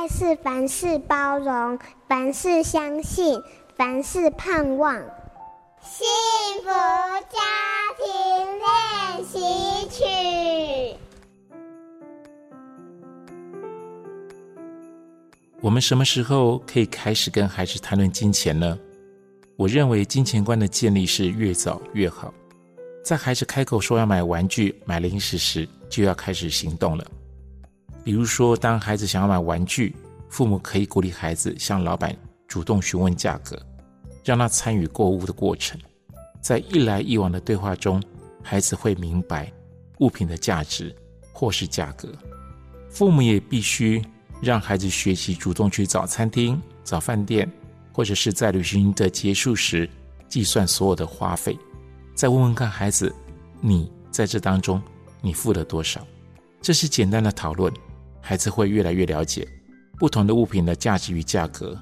愛是凡事包容，凡事相信，凡事盼望。幸福家庭練習曲。我們什麼時候可以開始跟孩子談論金錢呢？我認為金錢觀的建立是越早越好。在孩子開口說要買玩具、買零食時，就要開始行動了。比如說，當孩子想要買玩具，父母可以鼓勵孩子向老闆主動詢問價格，讓他參與購物的過程。在一來一往的對話中，孩子會明白物品的價值或是價格。父母也必須讓孩子學習主動去找餐廳、找飯店，或者是在旅行的結束時計算所有的花費，再問問看孩子：“你在這當中你付了多少？”這是簡單的討論。孩子會越來越了解不同的物品的價值與價格，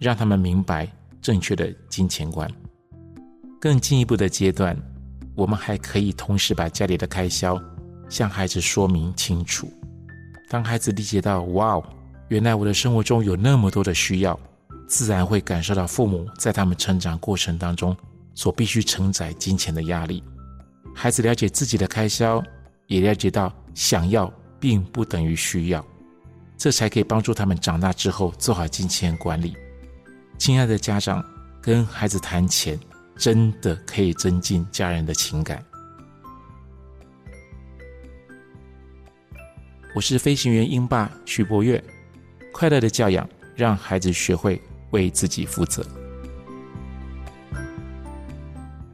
讓他們明白正確的金錢觀。更進一步的階段，我們還可以同時把家裡的開銷向孩子說明清楚。當孩子理解到“哇，原來我的生活中有那麼多的需要”，自然會感受到父母在他們成長過程當中所必須承載金錢的壓力。孩子了解自己的開銷，也了解到想要，並不等於需要，這才可以幫助他們長大之後做好金錢管理。親愛的家長，跟孩子談錢，真的可以增進家人的情感。我是飛行員鷹爸徐柏岳，快樂的教養，讓孩子學會為自己負責。